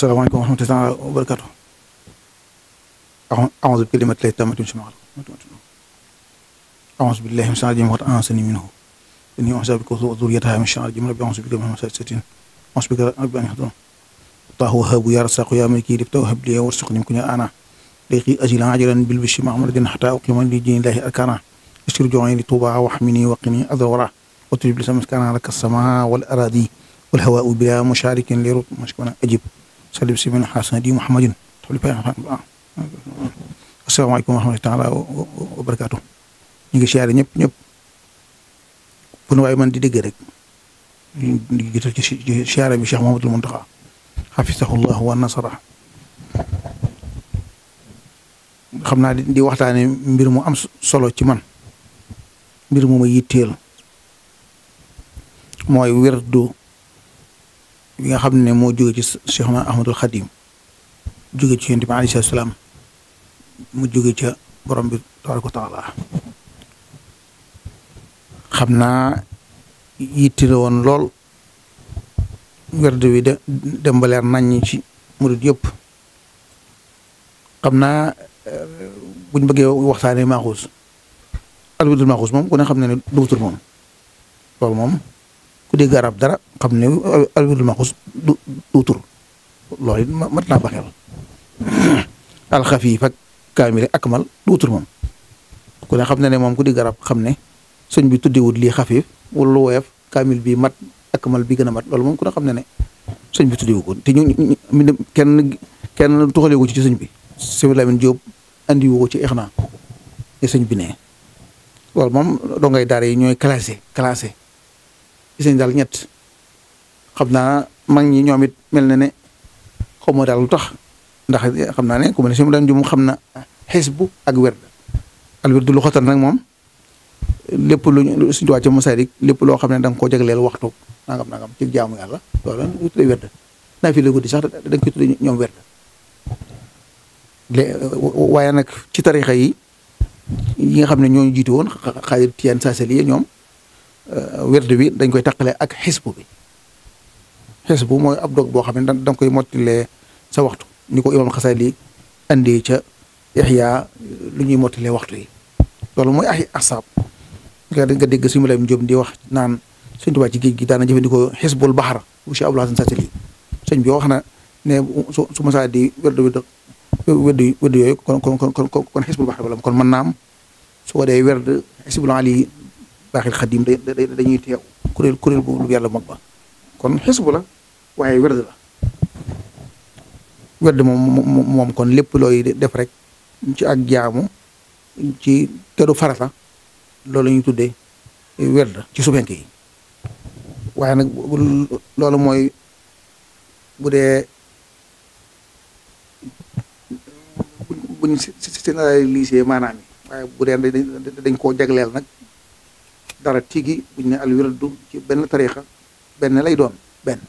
asalaamaaleykum wa rahmatulah wa barakaatu. aawuzu bi kalimati llaahi taammaati min sharri maa xalaq aawuzu billaahi mina shaytaani rajiim wa a'uuzu minhu wa a'uuzu bika wa zurriyyatahaa min sharri rajim rabbi a'uuzu bika min hamazaati shayaatiin a'uuzu bika rabbi an yahduruun yaa Wahhaab yaa Razaaq yaa Maalik ibtahu hab lii warzuqnii min ladunka rahmatan liqi ajilan ajilan bil bishri ma amadin hatta uqima li diinillaahi arkana iskur joxee li tuuba waxmini waqini adawara watrib li sama kaana laka sama wal aradi wal hawaa bila musharikin li rut mashkuna ajib salib si min xaasan di muhammadin asalaamaaleykum wa rahmatulah taala wa barakaatu ñu ngi siyaare ñëpp ñëpp bu nu waaye man di dégg rek ñu gital ci siyaare bi Cheikh Mouhamadoul Mountakha xafisahullah wa nasara xam naa di waxtaane mbir mu am solo ci man mbir mu ma yitteel mooy werdu bi nga xam ne moo jóge ci Cheikh Ahmadul Xadim jóge ci yonent bi alayhi salaam mu jóge ca borom bi tabaaraka wa xam naa yitti woon lool werd wi de dem ba leer naññ ci murid yépp xam naa buñ bëggee waxtaanee Maaxuus alwidul Maaxuus moom ku xam ne ne duutul moom loolu moom ku dégg arab dara xam ne alwirdul maxus du du tur loolu it mat naa baxeel alxafiif ak kaamil ak mal tur moom ku ne xam na ne moom ku dégg arab xam ne sëñ bi tuddewut lii xafiif wala woyof kaamil bi mat akmal bi gën a mat loolu moom ku ne xam na ne sëñ bi tuddewu ko te ñu kenn kenn ci sëñ bi Sëñ Lamin Jóob andi wu ko ci ixnaa bi ne loolu moom dongay daara yi ñooy classé classé gis nañ daal ñett xam naa mag ñi ñoom it mel na ne xaw ma daal lu tax ndax xam naa ne commune mu daan jum xam na xisbu ak werd al werdu lu xotan nag moom lépp lu suñu wàcce Masalik lépp loo xam ne da nga koo jagleel waxtu nangam nangam ci jaamu yàlla loolu ñu tuddee werd naa fi la guddi sax da nga koy tuddee ñoom werd waaye nag ci tarixa yi yi nga xam ne ñooñu jiitu woon xaajal tiyaan saasali ñoom Euh, werd bi dañ koy taqale ak xisbu bi xisbu mooy ab dog boo xam ne da koy mottilee sa waxtu ni ko imam Xasali andi ca Ihya lu ñuy mottilee waxtu yi loolu mooy ay asaab nga nga dégg suñu Mulaay Jóob di wax naan Sëñ Tuubaa ci géej gi daana jëfandikoo xisbul baxar bu Cheikh Abdoul Hasan Satali wax na ne su su masaa di werdu wi werdu werdu yooyu kon kon kon kon xisbul baxar bala kon mën naam su ko werd xisbul baaxil xadim dañuy teew kuréel kuréel boobu lu yàlla mag ba kon xisbu la waaye werd la werd moom moom kon lépp looy def rek ci ak jaamu ci teru farata loolu la ñuy tuddee werd ci subenke yi waaye nag loolu mooy bu dee buñ si si si maanaam yi waaye bu dee dañ dañ koo jagleel nag dara tigi bu buñ ne al wirdu ci benn tariixa benn lay doon benn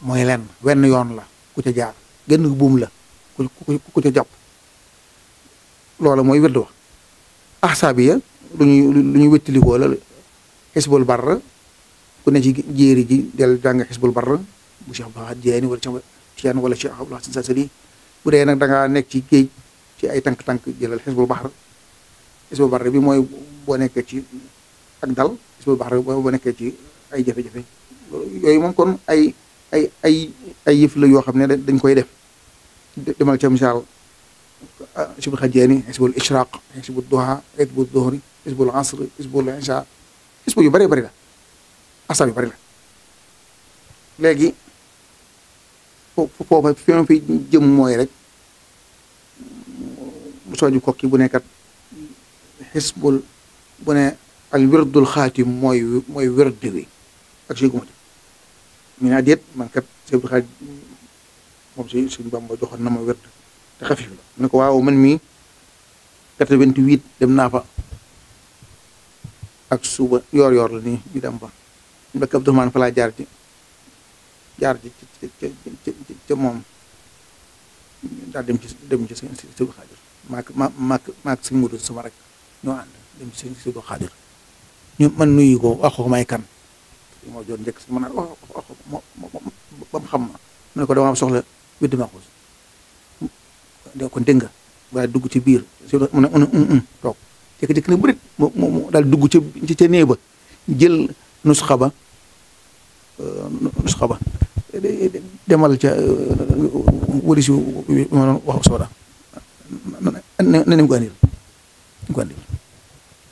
mooy lenn wenn yoon la ku ca jaar genn buum la ku ku ca jàpp loola mooy wirdu wax ahsaabiya lu ñu lu ñuy wéttalikoo la xisbul barra ku ne ci jéeri ji del jàng xisbul barra bu Cheikh Baha Diène wala Cheikh Tijaan wala Cheikh Abdou Hasan bu dee nag danga nekk ci géej ci ay tànk-tànk jëlal xisbul bahar xisbul bahar bi mooy boo nekkee ci ak dal bis bu baax rek nekkee ci ay jafe-jafe yooyu moom kon ay ay ay ay yëf la yoo xam ne dañ koy def demal ca misaal xisbu xajeeni xisbul ishraq xisbu duha xisbu duhri xisbul asri xisbu yu bëree bëri la asar yu bëri la léegi foofa fi jëm mooy rek sooju kokki bu nekkat xisbul bu al wirdul xaatim mooy mooy wird wi ak si gumati mi naa déet man kat sëñ xaatim moom si suñ Bamba joxoon na ma wird te xafif la mu ne ko waaw man mii 88 dem naa fa ak suuba yoor yoor la nii ñu fa mbekk Abdourahmane fa laa jaar ci jaar ci sama rek ñoo ànd dem ci sëñ Sëñ ñu man nuyu ko wax ko may kan moo jot njëkk si mën a wax wax ba mu xam ma mu ko dama am soxla ko dégg nga waaye dugg ci biir su mu ne mu toog jékki-jékki ne bërit mu dugg ca ci ca néeg jël nusxa ba nusxa ba demal ca wëris wax sooda na na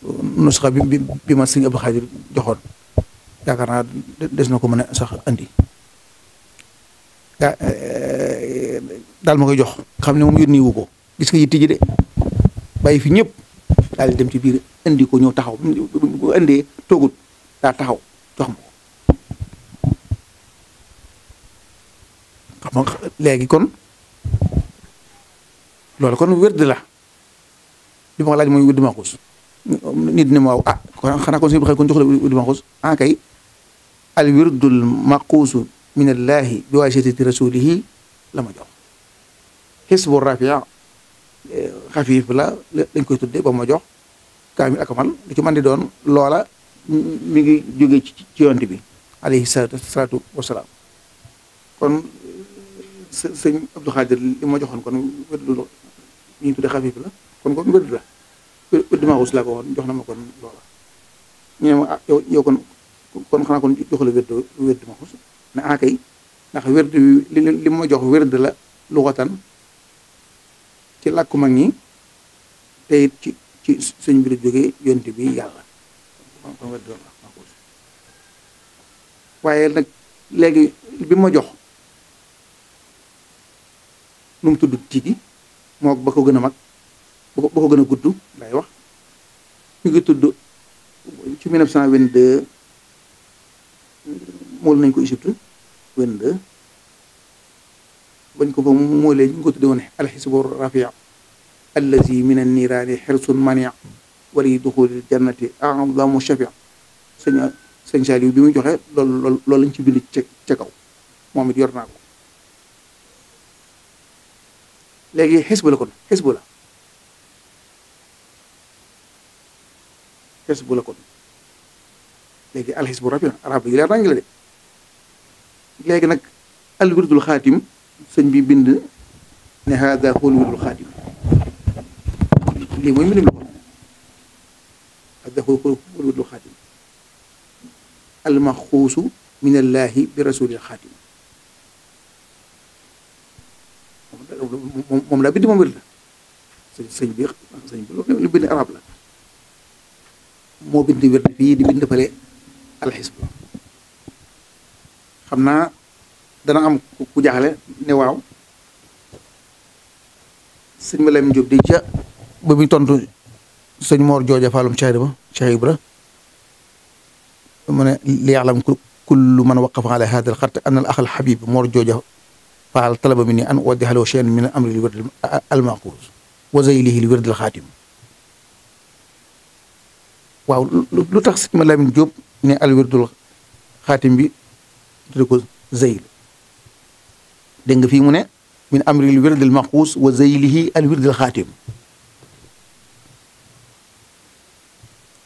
nusxa bi bi ma sëñ Abdou Khadir joxoon yaakaar naa des na ko mën a sax andi eh, daal ma koy jox xam ne moom yónni wu ko gis nga yitti ji de bàyyi fi ñëpp daal dem ci biir indi ko ñëw taxaw bu indee toogul daal taxaw jox ma ko xam kon loolu kon wérd la li ma ko laaj mooy wérd maaxuus nit ni ma a ah, xanaa kon suñu bu xëy kon jox la du maxuus ah kay al wirdul maquusu min allahi bi waasitati la ma jox xisbu rafia xafiif la lañ koy tudde ba ma jox kaamil akamal lu ci mën di doon loola mi ngi jóge ci ci bi alayhi salaatu wasalaam kon sëñ Abdou Xaadir li ma joxoon kon wérdul ñu tudde xafiif la kon kon wérdu la Udmaawus laa ko woon jox na ma kon loola ñu ah, kon kon kon jox la wérd ma xus ne ah, kay ndax wérd li li ma jox wérd la luxatan ci làkku mag ñi te it ci ci suñ mbir jógee yonte bi yàlla waaye nag léegi bi ma jox nu tudd tigi moo ba ko gën a mag boo ko gën a gudd lay wax ñu ngi tudd ci 1922 mool nañ ko Égypte 22 bañ ko fa moolee ñu ngi ko tudde woon alxisbu rafia allazi min anniraani xirsun mania wali duxuli jannati adamu shafia sëñ sëñ Saliou bi mu joxe loolu lool lañ ci bind ca kaw moom it yor naa ko léegi xisbu kon xisbu xisbu la kon léegi alxisbu rabi arab yi leer nañ de léegi nag alwirdul xaatim sëñ bi bind ne haada xool wirdul xaatim lii mooy mbindum la haada xool wirdul xaatim almaxuusu min allaahi bi rasulil xaatim moom laa bind moom wird la sëñ bi sëñ bi lu bind arab la moo bind wird fii di bind fële alxisb xam naa dana am ku jaaxle ne waaw sëñ Malam Diop di ca ba muy tontu sëñ Mor Jooja Fallum Cheikh Ibra Cheikh Ibra mu ne li yaalam kullu man waqafa ala hada al xart an al axal xabib Mor Jooja Fall talaba minni an uwaddiha lahu shay'an min amri al wird wa zaylihi al wird waaw lu tax sëñ ma Lamine Diop ne alwirdul xaatim bi tudde ko zeyl dégg nga fii mu ne min amril wirdil maxuus wa zeylihi alwirdul xaatim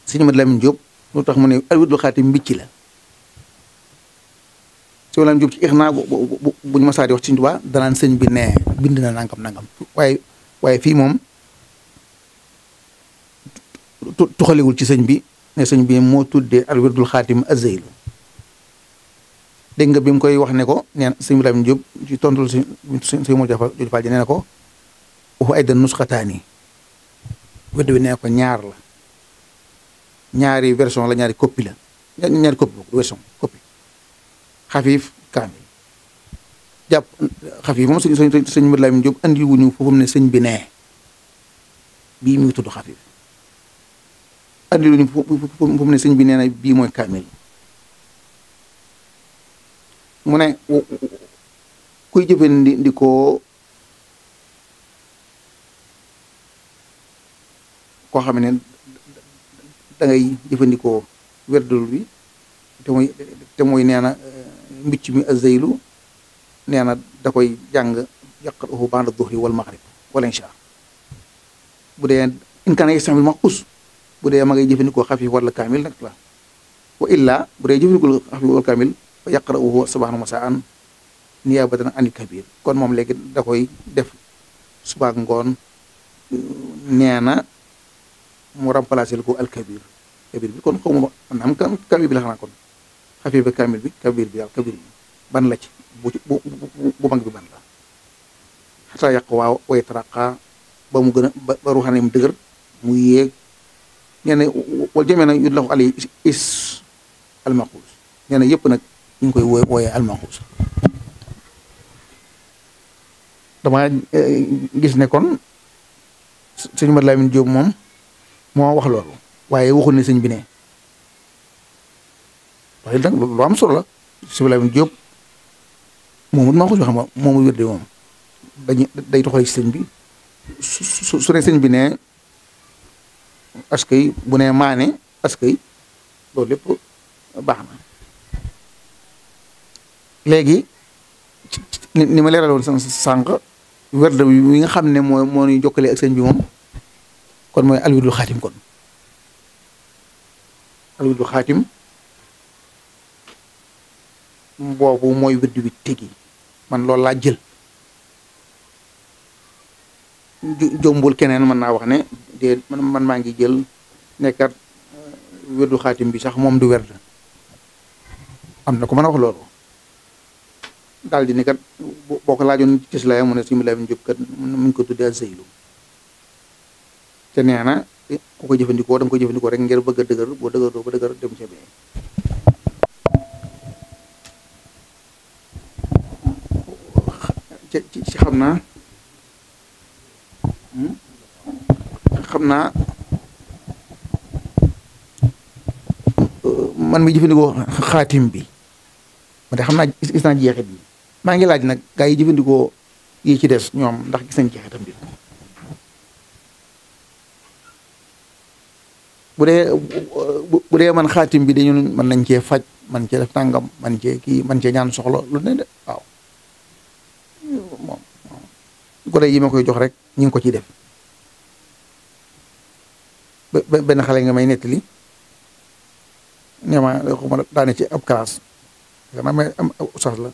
sëñ ma Lamine jóob lu tax mu ne alwirdul xaatim mbicc la sëñ ma Lamine Diop ci ixnaa bu bu bu ñu ma saa di wax ci Tuubaa danaan sëñ bi ne bind na nangam nangam waaye waaye fii moom tuxalewul ci sëñ bi ne sëñ bi moo tuddee al wirdul xaatim azeylu dégg nga bi mu koy wax ne ko nee na sëñ Ibrahima Diop ci tontul sëñ sëñ Modou Diop Fall ko waxu ay dan bi nee ko ñaar la ñaari version la ñaari copie la ñaari copie boobu version copie xafiif sëñ sëñ Ibrahima Diop andi wuñu foofu ne bii mu ngi tudd xafiif andi lu ñu fu mu ne sëñ bi nee bii mooy kaamil mu ne kuy jëfandikoo koo xam ne da jëfandikoo werdul bi te muy te muy nee na eh, mbicc mi azeylu nee na da koy jàng yaqra'uhu ba'da duhri wal maghrib wal isha bu dee in kaana yastahmil ma'kuus bu dee ma ngay jëfandikoo xafif wala kaamil nag la wa illa bu dee jëfandikoo xafif wala kaamil moom léegi da koy ngoon na mu remplacé ko kon xawma man am kan bi la ba kaamil bi la ci waaw way taraqa ba mu gën ba ruuxaneem dëgër mu yéeg nee na wal jamee nag yudlaxu ali is almaxuus nee na yëpp nag ñu ngi koy wooy wooyee almaxuus dama eh, gis ne kon sëñ Mad Lamin Jóob moom moo wax loolu waaye waxul ne sëñ bi ne waaye nag lu am solo la sëñ Mad Lamin Jóob moomut maa ko xam nga moomu wér de moom dañuy day toxalee ci sëñ bi su su su ne sëñ bi ne askay bu nee maane askay loolu lépp baax na léegi ni ma leeraloon sa sànq werd wi nga xam ne mooy moo ñuy jokkale ak bi moom kon mooy alwidul xaatim kon alwidul xaatim boobu mooy wedd bi tegi man loolu laa jël jombul keneen mën naa wax ne dée man maa ngi jël nekkat euh, werdu xaatim bi sax moom du werd am na ku mën a wax loolu daal di ne kat boo ko laajoon ci tislaaya mu ne si milay bi kat mu ngi ko tuddee zeylu te nee na ku ko jëfandikoo da ko jëfandikoo rek ngir bëgg a dëgër boo dëgër doo ba dëgër dem ca ci xam naa hmm? xam naa euh, man mi jëfandikoo xaatim bi ma te naa gis bi maa ngi laaj nag gaa yi jëfandikoo yi ci des ñoom ndax gis nañ jeexitam bi bu de bu dee man xaatim bi dañu mën nañ cee faj man cee def tàngam man cee kii man cee ñaan soxlo lu ne de waaw moom ko ma koy jox rek ñu ngi ko ciy def benn xale nga may nettali nee ma xuma daane ci ab classe xanaa may am soxla la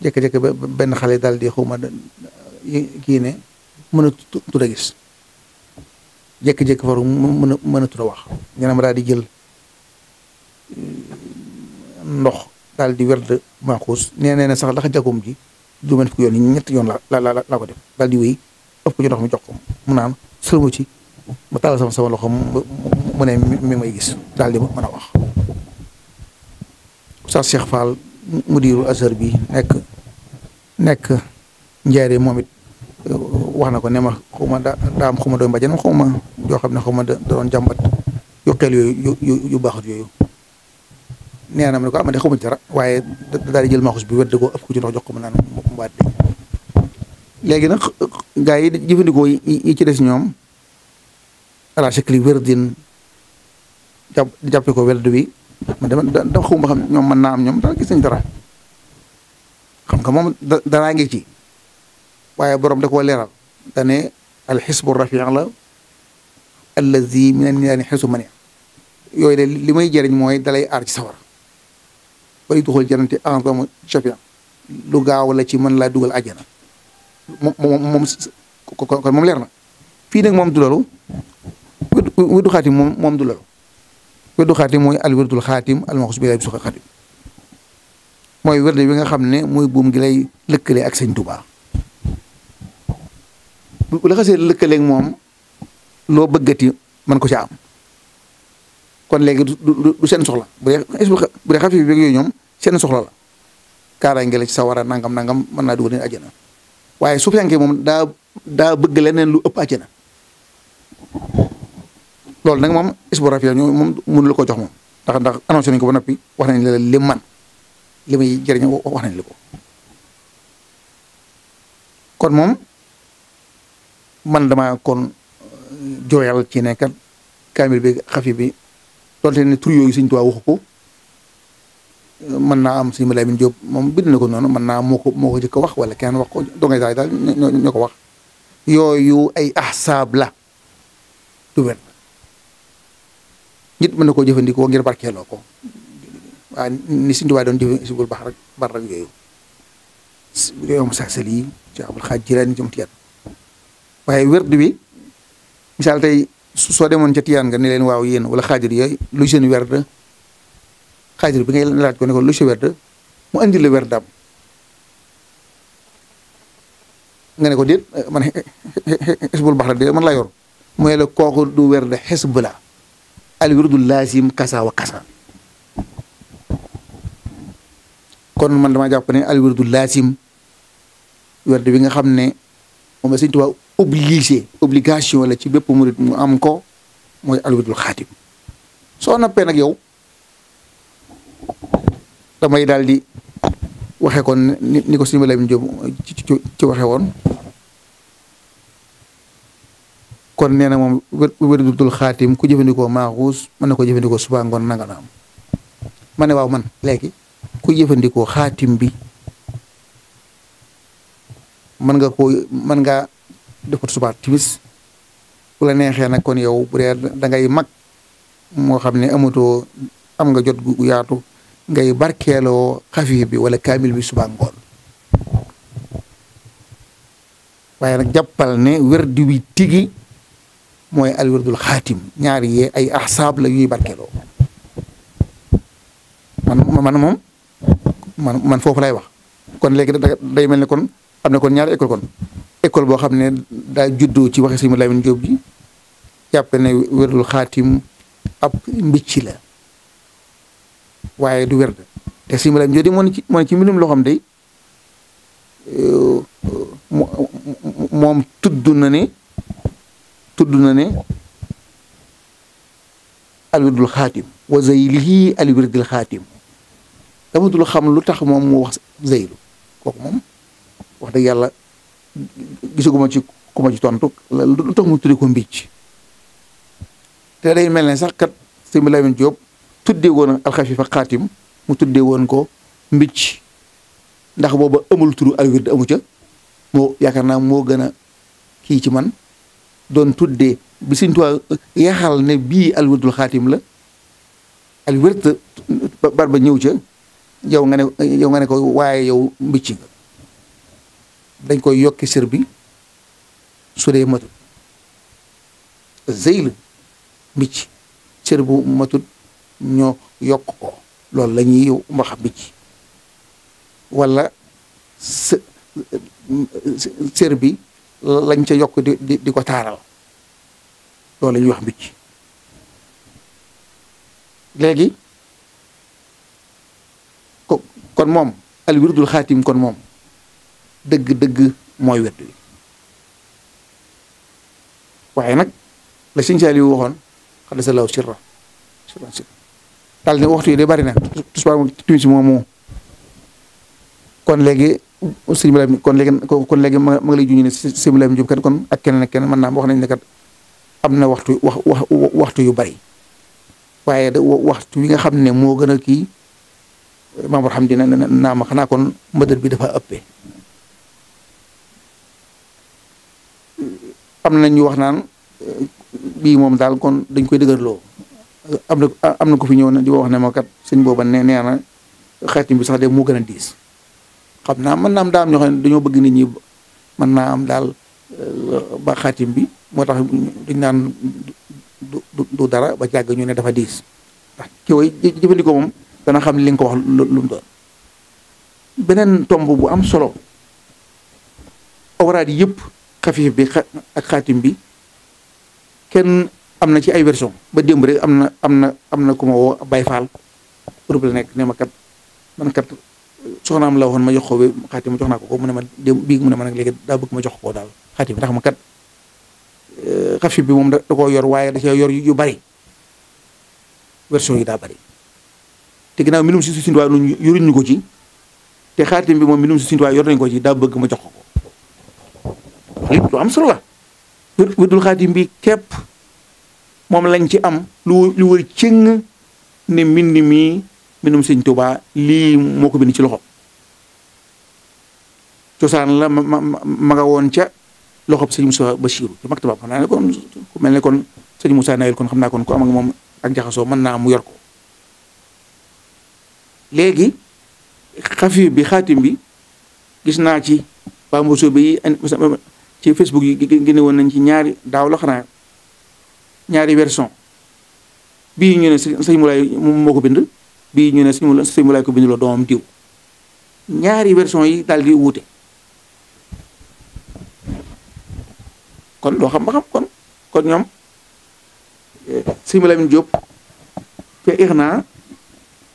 jékki benn xale daal di xuma eh, kii ne mën a tudd a gis jékki-jékki faru mën a mën a tudd a wax ñu ma daal di jël eh, ndox daal di werd maaxuus nee nee na sax ndax jagoom ji juróom fukki yoon yi ñetti yoon la la la ko def daal di wéy ëpp ko ci ndox mi jox ko mu naan sëlmu ci ma tàllal sama sama loxo mu ne mi may gis daal di mën a wax Oustaz Cheikh Fall mu diirul Azhar bi nekk nekk njaaree moom it euh, wax na ko ne ma xaw ma daa am xaw ma doon xaw ma yoo xam ne xaw ma da doon jàmbat yu xel yooyu yu yu baaxut yooyu nee na ma ne ko ah man de xaw waaye daal di jël maaxus bi wedd ko ëpp ko ci ndox jox ko mu naan mu baat léegi nag gaa yi jëfandikoo yi ci des ñoom. ala shakli wérdin jàpp jàppee ko werd bi ma dama da xaw xam ñoom mën naa am ñoom dara gis nañ dara xam nga moom danaa ngi ci waaye borom da koo leeral dane alxisbu rafiq la allazi min anniyaani xisu mani yooyu de li may jëriñ mooy dalay aar ci sawar bay duxul janati ensom chafian lu gaaw la ci mën laa dugal àjjana moom moom kon moom leer na fii nag moom du loolu wirdu xaatim moom moom du loolu wirdu xaatim mooy al wirdul xaatim al maxus bi lay suqa xaatim mooy wirde bi nga xam ne mooy buum gi lay lëkkale ak sëñ Tuubaa bu la xasee lëkkaleeg moom loo bëggati mën ko ca am kon léegi du du seen soxla bu dee bu dee xafi yooyu ñoom seen soxla la kaaraange la ci sawara nangam nangam mën naa dugal nit àjjana waaye su fekkee moom daa daa bëgg leneen lu ëpp àjjana loolu nag moom Hizbut Tarqiyyah ñoom moom mënu la ko jox moom ndax ndax annoncé ko ba noppi wax nañ la li man li muy jëriñoo wax nañ la ko kon moom man dama kon jooyal ci nekkat kaamil bi xafi bi donte ne tur yooyu Sëñ Tuubaa waxu ko mën naa am Sëñ Malamine Diop moom bind na ko noonu mën naa moo ko moo ko wax wala kenn wax ko dongay daal daal ñoo ko wax yooyu ay ahsaab la nit mën na koo jëfandikoo ngir barkeeloo ko waaw ni Sëñ Tuubaa doon jëfe sibul bax rek bar rek yooyu yooyu sax waaye werd wi misaal tey soo demoon ca tiyaan nga ne leen waaw yéen wala xaajir yooyu lu seen werd xaajir bi ngay laaj ko ne ko lu seen werd mu indi la werdam nga ne ko déet man xisbul bax rek de man laa yor mooy la kooku du werd xisb la al wirdu laasim kasa wa kasa kon man dama jàpp ne al wirdu laasim werd bi nga xam ne moom la Sëñ Tuubaa obligé obligation wala ci bépp murit mu am ko mooy al wirdul xaatim soo nappee nag yow damay daal di waxe kon ni ko sëñ Lamin Jóob ci waxe woon kon nee na moom wérdul xaatim ku jëfandikoo maaxuus mën na ko jëfandikoo suba ngoon nanga na am ma ne waaw man léegi ku jëfandikoo xaatim bi mën nga ko mën nga def ko suba timis bu la neexee nag kon yow bu dee da mag moo xam ne amatoo am nga jot gu yaatu ngay barkeeloo xafiif bi wala kaamil bi suba ngoon waaye nag ne wérdi wi mooy alwirdul xaatim ñaari yee ay ahsaab la yuy barkeeloo man man moom man man foofu lay wax kon léegi day mel ne kon am na kon ñaari école kon école boo xam ne daa juddoo ci waxe Sëñ Lamin Jóob ji jàpp xaatim ab mbicc la waaye du werd te Sëñ Lamin Jóob ci moon ci mbirum loo xam day moom tudd na ne tudd na ne alwirdul xaatim wa zeylihi alwirdil xaatim damatul xam lu tax moom mu wax zeylu kooku moom wax dëgg yàlla gisaguma ci ku ma ci tontu lu tax mu tudde ko mbicc te day mel ne sax kat sëñ bi Lamin tuddee woon alxafifa xaatim mu tuddee woon ko mbicc ndax booba amul turu alwird amu ca moo yaakaar naa moo gën a kii ci man doon tuddee bi Sëñ Tuubaa yaxal ne bii alwirdul xaatim la alwird bar ñëw ca yow nga ne yow nga ne ko waaye yow mbicc nga dañ koy yokki sër bi su dee matut zeyl mbicc sër bu matut ñoo yokk ko loolu la ñuy wax mbicc wala sër bi lañ ca yokk di di ko taaral loolu la wax mbicc léegi ko kon moom al wirdul xaatim kon moom dëgg-dëgg mooy wird wi waaye nag la sëñ Saaliw waxoon xadda sa law sirra sirra ne waxtu yi de bari na tusbaar timis moomu kon léegi sëñ Ibrahima kon léegi kon léegi ma nga lay junj ne sëñ Ibrahima Diop kat kon ak keneen ak mën naa wax nañ ne kat na waxtu wax waxtu yu bari waaye da waxtu wi nga xam ne moo gën a kii Mamour xam dina naa ma xanaa kon mbëdër bi dafa ëppee am na ñu wax naan bii moom daal kon dañ koy dëgërloo am na am na ko fi ñëw na di wax ne ma kat sëñ booba ne nee na xeetim bi sax de moo gën a diis xam naa mën naa am daa ñoo xam ne dañoo bëgg nit ñi mën naa am daal euh, ba xaatim bi moo tax dañ naan du dara ba jàgg ñu ne dafa diis ndax ki way jëfandikoo moom dana xam li nga ko wax lu mu doon beneen tomb bu am solo awraad yépp xafiif bi ak xaatim bi kenn am na ci ay version ba démb rek am na am na am na ku ma woo Baye Fall Europe la nekk ne kat man kat soxnaam la woon ma jox ko bi xaatim ma jox naa ko ko mu ne ma démb bii mu ne ma nag léegi daa bëgg ma jox ko daal xaatim ndax ma euh, bi moom da koo yor waaye da si Sëriñ Tuubaa ñu yoruñ ko ci te xaatim bi moom mbirum si Sëriñ Tuubaa yor nañ ko ci daa bëgg ma jox ko ko lépp am solo la wérdul xaatim bi képp moom lañ ci am lu lu wër cëng ne mbind mi mbindum sëñ Tuubaa lii moo ko bind ci loxo cosaan la ma ma nga woon ca loxo sëñ Moussa Bachir ca maktabaam xam naa mel ne kon sëñ Moussa Nawel kon xam naa kon ku am ak moom ak jaxasoo mën naa mu yorko léegi xafi bi xaatim bi gis naa ci Pamboso bi ci Facebook yi génne woon nañ ci ñaari daaw la xanaa ñaari version bii ñu ne sëñ Moulay moo ko bind. bii ñu ne suñu sëñ Mulaay ko binduloo doomam diw ñaari version yi daal di wute kon doo xam ba xam kon kon ñoom eh, sëñ Mulaay min Jóob fe irna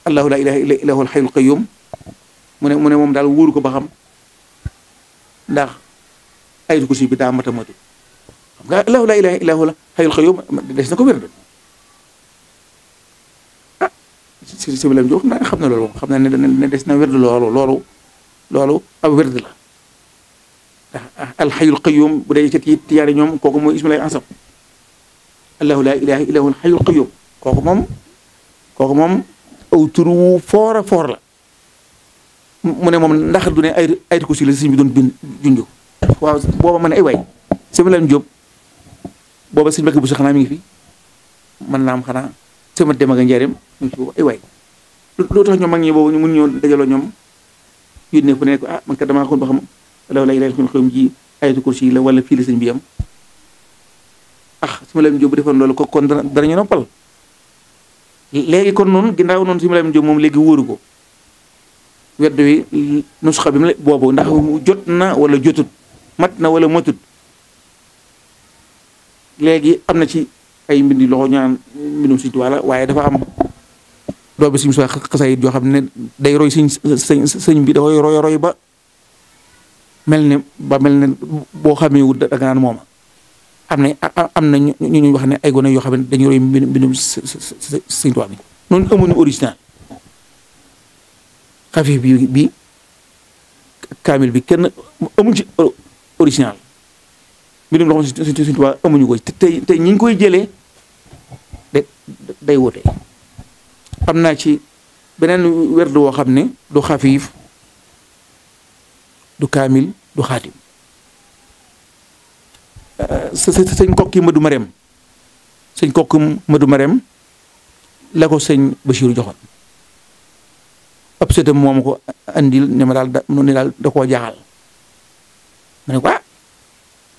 allahu la ilaha illa illahul xayyul mu ne mu ne moom daal wóoru ko ba xam ndax ayatu kursi bi daa mat allahu la ilaha illahul xayyul qayyum des na ko wér si si bilam Jóob xam na loolu moom xam na ne ne des na wérd loolu loolu loolu ab wérd la ndax alxayul qayum bu dee ca tiyaari ñoom kooku mooy ismu lay ansam allahu laa ilaha illa huwa alxayul kooku moom kooku moom aw turu foor la mu ne moom ndax du ne ay aytu ko si la sëñ bi doon junj waaw booba ma ne ay waay sëñ Lam Diop booba sëñ Bakki bu sax xanaa mi ngi fi mën naa am xanaa sama dem ak a njaareem mu ci boobu ay waay loo tax ñoom mag ñi boobu ñu mun ñoo dajaloo ñoom yónnee ku ne ko ah man kat damaa xool ba xam la lay lay xool ji ayatu kursi yi la wala fii la sëñ bi am ah su ma leen jóg bu defoon loolu ko kon dana danañu noppal léegi kon noonu ginnaaw noonu su ma leen jóg moom léegi wóoru ko wedd wi nusxa bi mu la boobu ndax jot na wala jotut mat na wala matut léegi am na ci ay mbindi loxo ñaan naan mbindum Sëñ Tuubaa waaye dafa am doomi Sëñ Musaa xasaayit yoo xam ne day roy sëñ sëñ sëñ bi dafay roy roy ba mel ne ba mel ne boo xamee wut da nga naan mooma xam ne am na ñu ñu wax ne ay gone yoo xam ne dañuy roy mbindum Sëñ Tuubaa bi noonu amuñu original xafi bi bi kaamil bi kenn amuñ ci original mbirum loxo Sëriñ Tuubaa amuñu ko te tey tey ñi ñu koy jëlee de day wute am naa ci beneen werd woo xam ne du xafiif du kaamil du xaatim sa sëñ ma madu marem sëñ kokki madu marem la ko sëñ Bachir joxoon ab sëtam moom ko andil ne daal da ko ah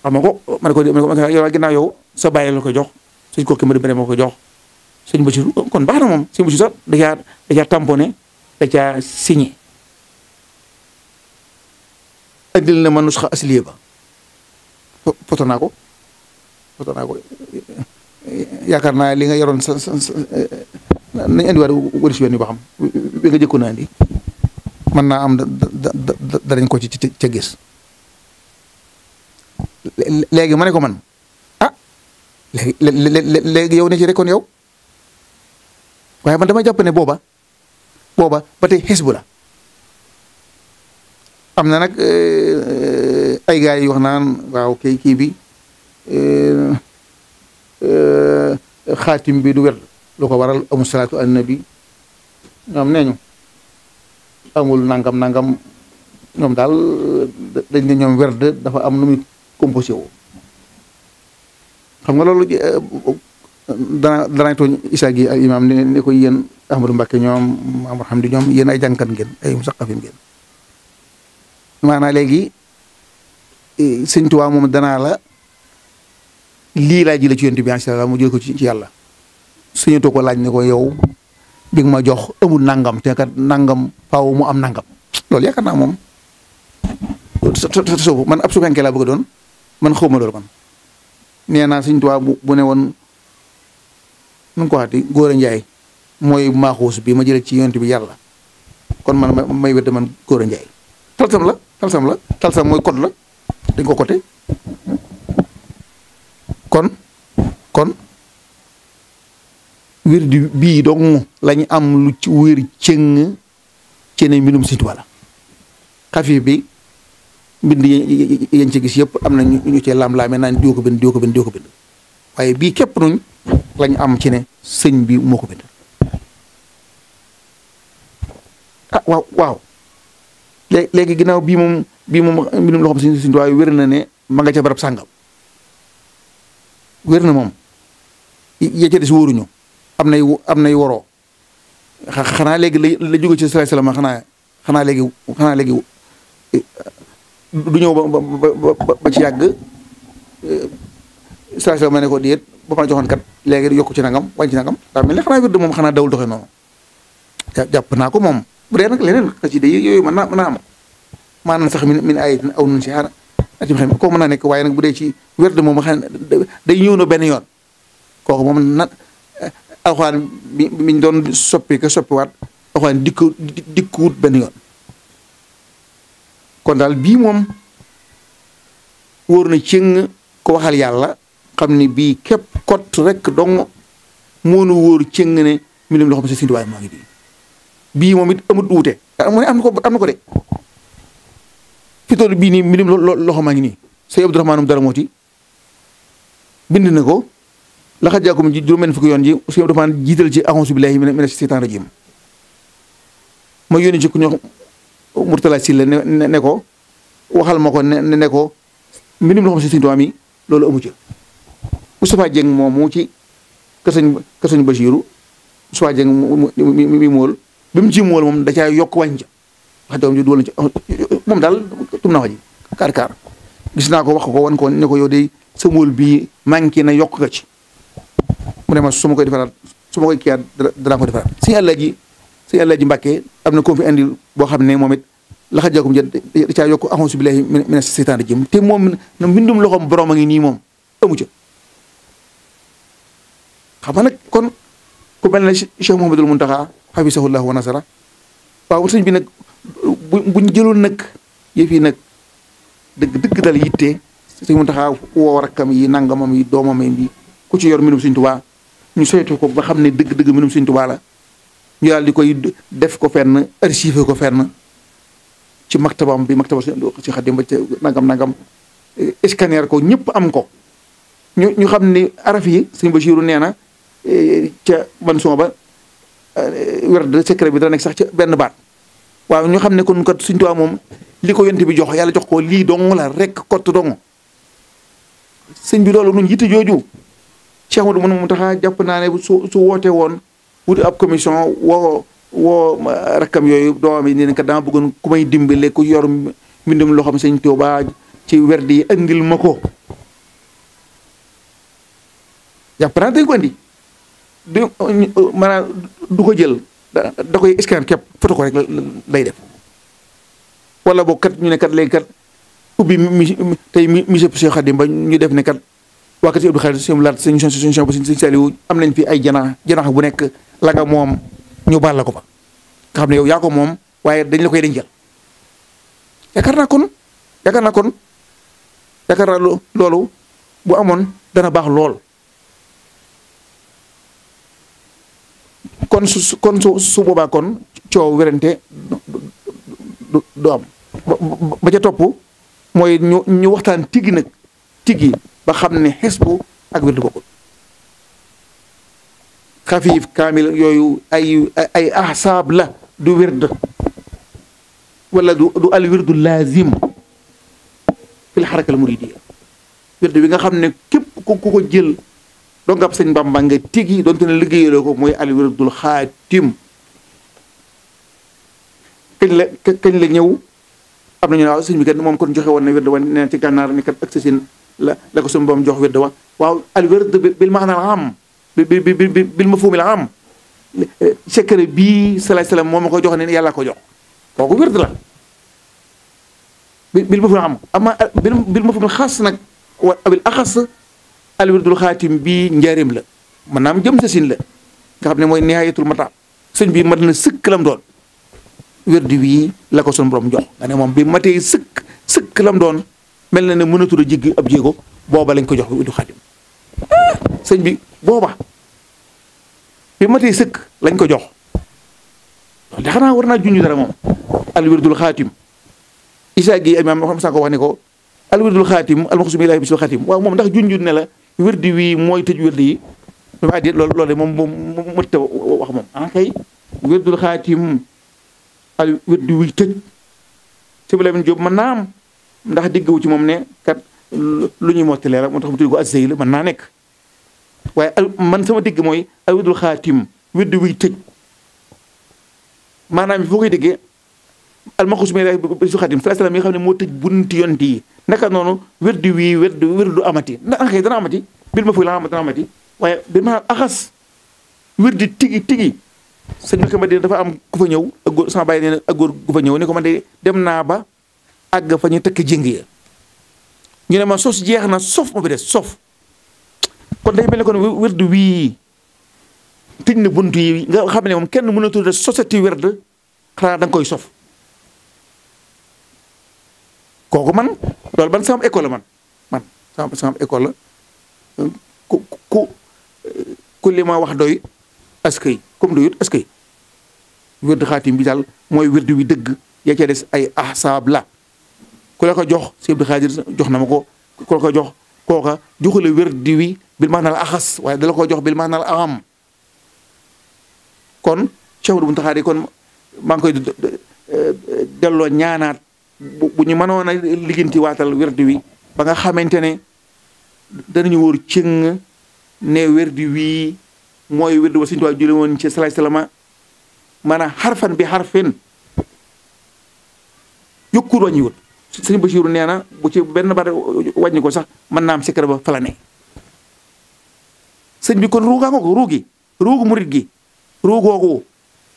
xam ma ko ma ne ko ma ne ko yow ginnaaw yow sa bàyyi la ko jox sëñ kooku ma di bëri moo ko jox sëñ Bachir kon baax na moom sëñ Bachir sax da caa da caa tamponné da caa signé. indil na ma nusxa asliya ba poto naa ko poto naa ko yaakaar naa li nga yoroon sa sa sa eh, nañ indiwaat wëri si wenn yu ba xam bi nga jëkkoon naa indi mën naa am da da da dañ ko ci ca gis. léegi ma ne ko man ah léegi léegi yow ne ci rek kon yow waaye man dama jàpp ne booba booba ba tey xisbu la am na nag euh, ay gars yi wax naan waaw kii kii bi euh, euh, xaatim bi du wér lu ko waral amul salaatu annabi ñoom nee ñu amul nangam nangam ñoom daal dañ ne ñoom werd dafa am lu composé wu xam nga loolu dana danaa tooñ Issa gi ak imaam ne ne ko yéen Ahmadou Mbacke ñoom Mamadou Hamdi ñoom yéen ay jànkan ngeen ay musaqafin ngeen maanaam léegi sëñ moom danaa la lii laa jëlee ci yonent bi incha allah mu ko ci yàlla suñu laaj ne ko yow bi ma jox amul nangam te kat nangam faaw mu am nangam loolu yaakaar naa moom soo man ab suufenke laa doon. man xawma ma kon nee naa suñ tubaab bu ne woon nu ko waxati góor a njaay mooy maaxuus bi ma jëlee ci yonent bi yàlla kon man may may wedd man góor a njaay talsam la talsam la talsam mooy code la dañ ko côté kon kon wér di bii dong lañu am lu ci wér cëng ci ne mbirum Sëñ la xafi bi mbind yañ ci gis yëpp am na ñu cee laam-laame naan diw ko bind diw ko bind diw waaye bii képp nuñ lañ am ci ne sëñ bi moo ko bind ah waaw waaw léegi ginnaaw bii moom bii moom mbindum waaye wér na ne ma nga ca barab sàngam wér na moom ya ca des wóoruñu am nay am nay waroo xanaa léegi la la jóge ci salaay salaam xanaa xanaa léegi du ñëw ba ba ba ci yàgg euh, saa si ma ne ko déet ba ma joxoon kat léegi yokku ci nangam wàññi ci nangam daa mel ne xanaa wird moom xanaa dawul doxee noonu jàpp naa ko moom bu dee nag leneen nga ci de mën naa am maanaam sax min min ay aw nun koo mën naa nekk waaye nag bu dee ci wird moom xam day ñëw na benn yoon kooku moom na alxuraan bi ñu doon soppi ko soppiwaat alxuraan dikku dikkuwut benn yoon kon daal bii moom wóor na cëng ko waxal yàlla xam ni bii képp kot rek dong nu wóor cëng ne mi lim loo xam ne si sinduwaay maa ngi bii bii moom it amut wuute ah, mu ne am na ko am ko de fi bii nii mi lim loxo maa ngi nii sëñ Abdourahmaanum dara mooti bind na ko laxa jàkkum ji juróom-benn fukki yoon ji sëñ Abdourahmaan jiital ci aouzu billaahi mina shaytaani rajiim ma yónni ci ku ñoo Mourtala Sylla ne ne ko waxal ma ko ne ne ko mbindum loxoom si Sëriñ Tuubaa mi loolu amu ci Moustapha Dieng moom mu ci kër sëñ kër sëñ Basiiru Moustapha Dieng mi mool bi mu ci mool moom da caa yokk wàññi ca ci moom daal tum na waji kaar kaar gis naa ko wax ko wan ko ne ko yow de sa mool bii manqué na yokk nga ci mu ne ma su koy defaraat su ma koy kiyaat danaa ko defaraat si àll ji suñu àlla ji mbàkkee am na ko fi indi boo xam ne moom it laxa jaakum jë ko caa yokk axonsu billahi mina seytaan te moom na mbindum loxoom borom a ngi nii moom amu ca xam nga nag kon ku mel ne Cheikh Mouhamadul Muntaxa xafisahullah wa nasara waaw sëñ bi nag buñ jëloon nag yëf yi nag dëgg dëgg dal yitte sëñ Muntaxa woo rakkam yi nangamam yi doomamam yi ku ci yor mbindum Sëñ Tuubaa ñu soytu ko ba xam ne dëgg-dëgg mbindum Sëñ Tuubaa la ñu daal di koy def ko fenn archivé ko fenn ci maktabam bi maktaba si xadim ba ci nangam nangam eh, ko ñëpp am ko ñu xam ni araf yi sëñ Basiru nee na eh, ca man son ba eh, werd secret bi dana nekk sax ca benn baat waaw ñu xam ne kon kat suñ tuwaa moom li ko yonte bi jox yàlla jox ko lii dong la rek kott dong sëñ bi loolu nun yitte jooju Cheikh Amadou mun mu taxaa jàpp naa ne su su woon wuti ab commission woo woo rakkam yooyu doomam yi ne ko dama bëggoon ku may dimbale ku yor mbindum loxoom sëñ Tuuba ci werdi yi andil ma ko jàpp naa dañ ko andi du ko jël da koy scanner képp foto ko rek lay def wala boog kat ñu ne kat léegi kat mu mi tey musée Sëñ Xaadim ba ñu def ne kat waa kat si Abdou Khadre si laat sëñ sëñ sëñ Saliou am nañ fi ay janaax janaax bu nekk la moom ñu baal la ko ba nga xam ne yow yaa ko moom waaye dañ la koy dencal yaakaar naa kon yaakaar naa kon yaakaar naa loolu bu amoon dana baax lool kon su su su boobaa kon coow werante du am ba ca topp mooy ñu waxtaan tiggi nag tiggi ba xam ne xes bu ak wér du xafiif kaamil yooyu ay ay ahsaab la du wird wala du du al wirdu laazim fil xarakal muridiya wird bi nga xam ne képp ku ko jël doo ngab sëñ Bàmba nga tigi donte ne liggéeyaloo ko mooy al wirdul xaatim kañ la kañ la ñëw am nañu ne waaw sëñ bi kat moom kon joxe woon na wird wa nee na ci gànnaar ni kat la la ko suñu boom jox wird wa waaw al wird bil maanal am bil mafhumil am secret bii salaay salaam moom ma ko jox ne yàlla ko jox kooku wérd la bil mafhumil am ama bil mafhumil xaas nag abil axas al xaatim bii njaarim la maanaam jëm sa la nga xam ne mooy nihayatul mata sëñ bi mat na sëkk lam ko sun borom jox nga ne moom bi matee sëkk sëkk lam doon mel na ne mënatul a jiggi ab jéego booba lañ ko jox wirdul xaatim Ah, sëñ bi booba bi matee sëkk lañ ko jox loolu de xanaa war naa junj dara moom alwirdul xaatim isaa gi imaam ma xam ko wax ne ko xaatim almaxsumi laahi bisul xaatim waaw moom ndax junj ne la wérdi wii mooy tëj wérdi yi waaye déet loolu loolu moom moom mëtta wax moom ah, ndax diggawu ci moom ne kat lu ñuy mottalee rek moo tax mu tudd ko azzayl mën naa waaye man sama dégg mooy a xaatim wedd wuy tëj maanaam foo koy déggee almaxus xaatim sallallahu alayhi wasallam yi xam ne moo tëj bunti yonti yi naka noonu wedd wii wedd du amati ndax kay dana amati bir ma fuy la amati waaye bir ma axas werdi tigi tigi sëñ bi ma dina dafa am ku fa ñëw a góor sama bàyyi nee na ak góor ku ñëw ne ko man de dem naa ba àgg fa ñu tëkk jéng ya ñu sos jeex na sof moo fi des sof kon day mel ne kon werd wii tëj na bunt yi nga xam ne moom kenn mënatul de société werd xanaa da koy sof kooku man loolu ban sama école man man sama école ku ku ku ma wax doy askay comme doyut askay wird xaatim bi daal mooy wird wi dëgg yaa ca des ay ahsaab la ku la ko jox sëñ Abdou Khadir jox na ma ko ku la ko jox kooka joxule wérdi wi bil maanaal axas waaye dala ko jox bil maanaal aam kon Cheikh Ahmadou Mountakha yi kon maa ngi koy delloo ñaanaat bu ñu mënoon a liggéenti waatal wérdi wi ba nga xamante ne danañu wóor cëng ne wérdi wii mooy wérdi wa Sëñ Tuubaa jule woon ci salaay salama maanaam xarfan bi xarfin yokkuwul wàññiwul sëñ Bachirou nee na bu ci benn baat wàññi ko sax mën naam am secret ba fa sëñ bi kon ruugaa ko ko ruugi ruugu murit gi ruugoogu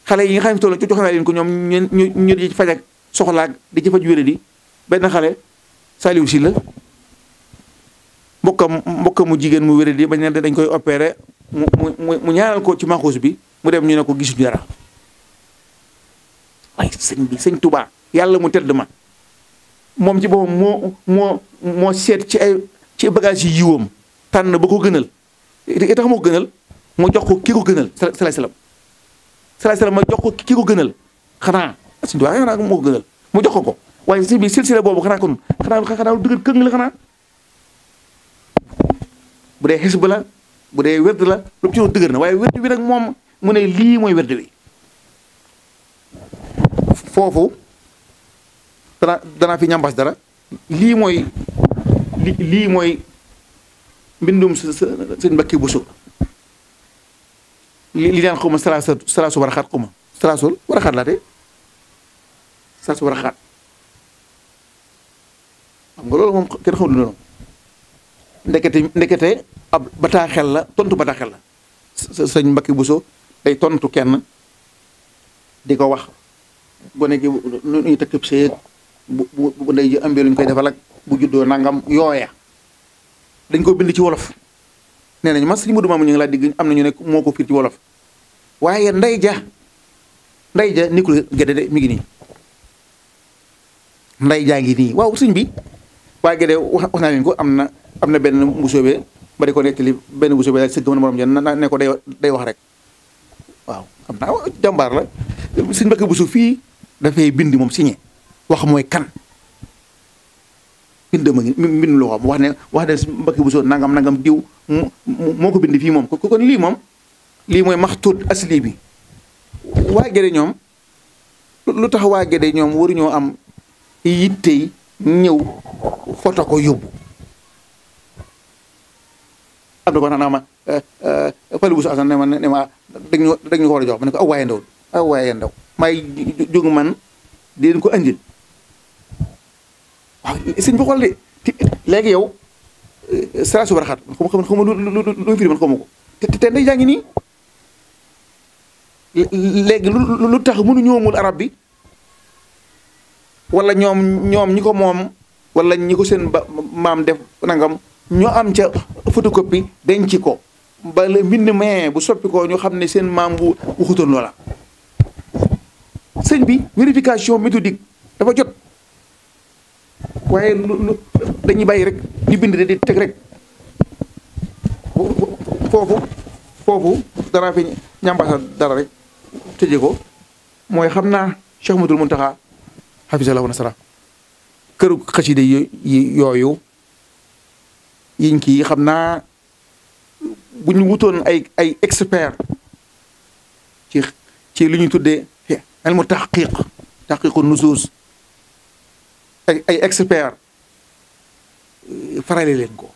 xale yi nga xam ne toll jox ko ñoom ñu ñu di faj soxlaag di ci faj benn di benn xale Saliou Sylla mbokkam mbokkam mu jigéen mu wéré di bañ dañ koy opéré mu mu mu ñaanal ko ci maxuus bi mu dem ñu ne ko gisuñu dara waaye sëñ bi sëñ Touba yàlla mu tedd ma. moom ci boppam moo moo moo seet ci ay ci bagage yi yiwam tànn ba ko gënal li tax moo ko gënal moo jox ko kii ko gënal salaay salaam salaay salaam ma jox ko kii ko gënal xanaa ah, suñu doyen xanaa moo ko gënal mu jox ko ko waaye si biir silsila boobu xanaa kon xanaa xanaa dëgër këng la xanaa bu dee xisb bu dee werd la lu ci doon dëgër na waaye werd wi nag moom mu ne lii mooy werd wi foofu. dana danaa fi ñambas dara lii mooy lii mooy mbindum sëñ Mbàkke Buso li li daan xaw ma salaasu salaasu war a xaat ma salaasu war a xaat laa te salaasu war xam nga loolu moom kenn xamul noonu ndekete ndekete ab bataaxel la tontu bataaxel la sëñ Mbàkke Buso day tontu kenn di ko wax gone gi nu ñuy tëkkëb seeg bu bu ndey ji ëmbee luñ koy defal ak bu juddoo nangam yooya dañ ko bind ci wolof nee nañ man sëñ Modou Mamoune ñu ngi laa digg am na ñu ne moo ko fiir ci wolof waaye ndey ja ndey ja nekkul mi ngi nii ndey jaa ngi nii waaw sëñ bi waaye gédé wax naa leen ko am na am na benn mbusoobe ba di ko nettali benn mbusoobe daal sëgg mën morom ja ne day day wax rek waaw am naa jàmbaar la sëñ Mbàkke fii dafay bind moom signé wax mooy kan bindam a ngi mbindu loxoom wax ne wax ne mbakki bu soo nangam nangam diw moo ko bind fii moom ko kon lii moom lii mooy maxtuut asli bi waa Gede ñoom lu tax waa Gede ñoom waruñoo am yittey ñëw foto ko yóbbu am na ko naa ma eh, eh, Fallou Bousso Assane ne ma ne a jox ma waaye ndaw aw may jóg di leen ko andil waaw sëñ bi xool de te léegi yow euh, sara su baraxaat xaw ma xaw ma lu lu lu firi man xaw ko te te ndey jaa ngi nii léegi lu lu tax mënu ñoomul arab bi wala ñoom ñoom ñi ko moom wala ñi ko seen ba maam def nangam ñoo am ca photocopie denc ko ba le mbind mee bu soppi ko ñu xam ne seen maam bu waxutoon loola sëñ bi vérification méthodique dafa jot. waaye lu lu dañuy rek di bind di teg rek foofu foofu dara fi ñambasa dara rek tëje ko mooy xam naa Cheikh Madul Muntaxa xafisalahu nasara këru xasida yi yooyu yiñ ki xam naa bu wutoon ay ay expert ci ci li ñu tuddee al mu taxqiq taxqiqu nusuus ay ay experts farale leen ko.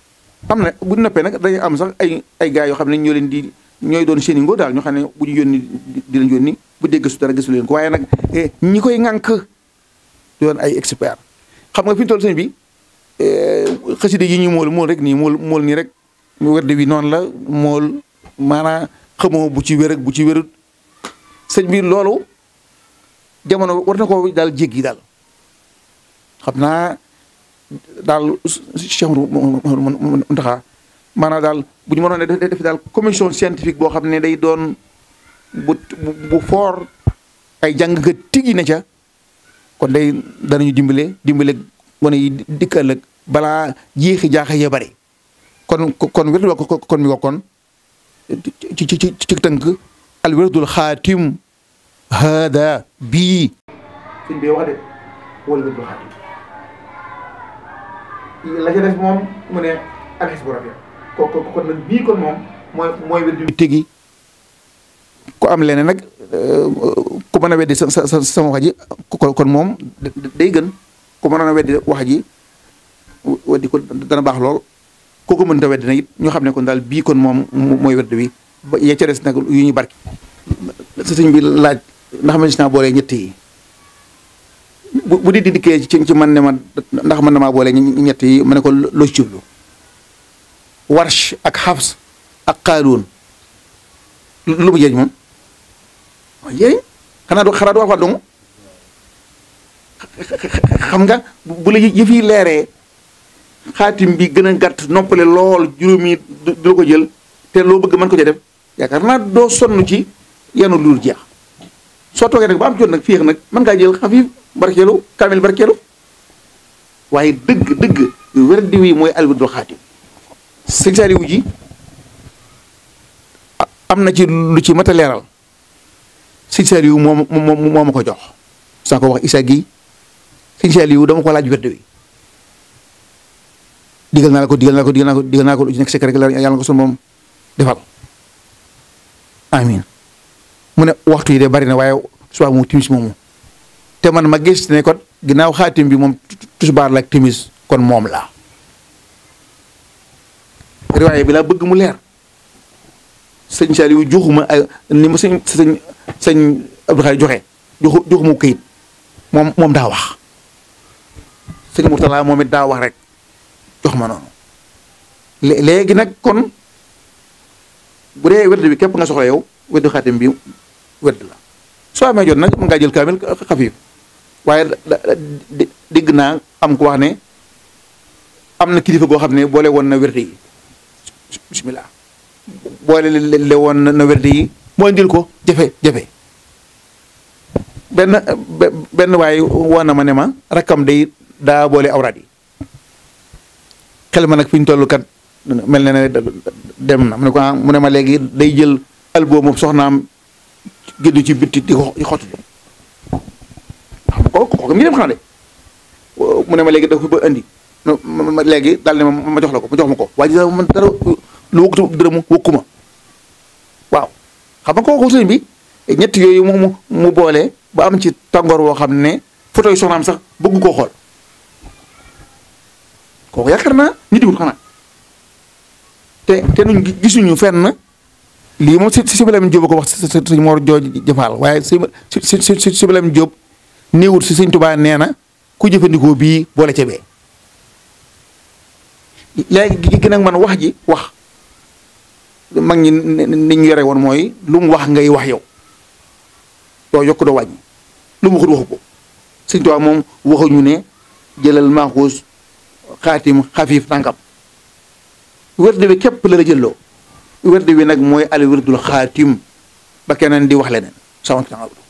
am na bu noppee nag dañu am sax ay ay gars yoo xam ne ñoo leen di ñooy doon seen i ngóor daal ñoo xam ne bu ñu yónni di leen yónni bu dégg su dara gisu leen ko waaye nag eh, ñi koy ŋànk doon ay expert xam nga fi ñu toll sëñ bi eh, xaside yi ñu mool mool rek nii mool mool nii rek werde wi noonu la mool maanaam xamoo bu ci wér bu ci wérut sëñ bi loolu jamono war na ko daal jéggi daal xam naa daal Cheikh Mountakha maanaam bu ñu mënoon a def daal commission scientifique boo xam ne day doon bu bu foor ay jàngkat tigi na ca kon day danañu dimbale dimbale wane yi dikkal ak balaa yéexi jaaxa ya bari kon kon wér kon mi ko kon ci ci ci ci tënk al xaatim hada bii la ca moom mu ne ak xis ko ko kon moom mooy mooy weddi tegi am leneen nag ku mën a weddi sa sa sama wax ji kon kon moom day gën ko mën a weddi wax ji weddi ko dana baax lool ku ko mënta weddi na it ñu xam ne kon daal bii kon moom mooy weddi ya ca nag yu ñu barki sëñ bi laaj ndax ma gis naa boole ñett yi bu di dikkee ci ci man ne ma ndax man damaa boole ñett yi ma ne ko loo ci jublu warsh ak xabs ak qaaluun lu mu jeeñ moom waaw xanaa du xanaa du wax dong xam nga bu la yëf yi xaatim bi gën a gàtt noppale lool juróomi du la ko jël te loo bëgg mën ko ca def yaakaar naa doo sonn ci yanu luur jeex soo toogee nag ba am jot nag fii nag mën ngaa jël xafiif barkeelu kaamil barkeelu waaye dëgg dëgg werdi mooy alwerdul xaatim sëñ Saaliwu ji am na ci lu ci mat a leeral sëñ Saaliwu moom moom moo ko jox saa ko wax Issa Guèye dama ko laaj werdi wi naa ko digal naa ko digal naa ko digal naa ko lu ci nekk secret la yàlla ko moom defal amin mu ne waxtu yi de bari na waaye suba mu si moomu te man ma gis ne kon ginnaaw xaatim bi moom tisbaar la ak timis kon moom la riwaaye bi laa bëgg mu leer sëñ Saliou ay ni ma sëñ sëñ sëñ Abdou Khadre joxe joxu joxuma këyit moom moom daa wax sëñ Mourtala moom it daa wax rek jox ma noonu léegi nag kon bu dee wedd bi képp nga soxla yow weddu xaatim bi wedd la soo amee jot nag mën ngaa jël kaamil xafiif waaye dégg naa am ku wax ne am na kilifa goo xam ne boole woon na wérde yi bismillah boole le woon na wérde yi moo indil ko jafe jafe benn benn waay woo na ma ne ma rakkam day daa boole awraat yi xel ma nag fi ñu toll kat mel na ne dem na mu ne ko ah, mu ne ma léegi day jël alboo moom soxnaam géddu ci bitti di xottu xam ko kooku ngi mu ne ma léegi dafa ba indi ma léegi daal ne la ko ma jox ko waaye dina ma dara lu wëkkatu dërëmu wëkku ma waaw xam nga kooku sëñ mu mu boole ba am ci tàngoor woo xam ne photo yi sax bëgg koo xool kooku yaakaar naa ñu diwul xanaa te te nuñ gisuñu fenn lii moom si si Sibalem Diop ko wax si si si waaye si si si Sibalem néewut si sëñ tubaa nee na ku jëfandikoo bii boole ca bee léegi gi gën a man wax ji wax mag ñi ni ñu yore woon mooy lu mu wax ngay wax yow doo yokk doo wàññi lu mu waxut waxu ko sëñ tubaa moom waxuñu ne jëlal maaxuus xaatim xafiif nangam wérde wi képp lala la jëlloo wérde wi nag mooy al wirdul xaatim ba keneen di wax leneen sama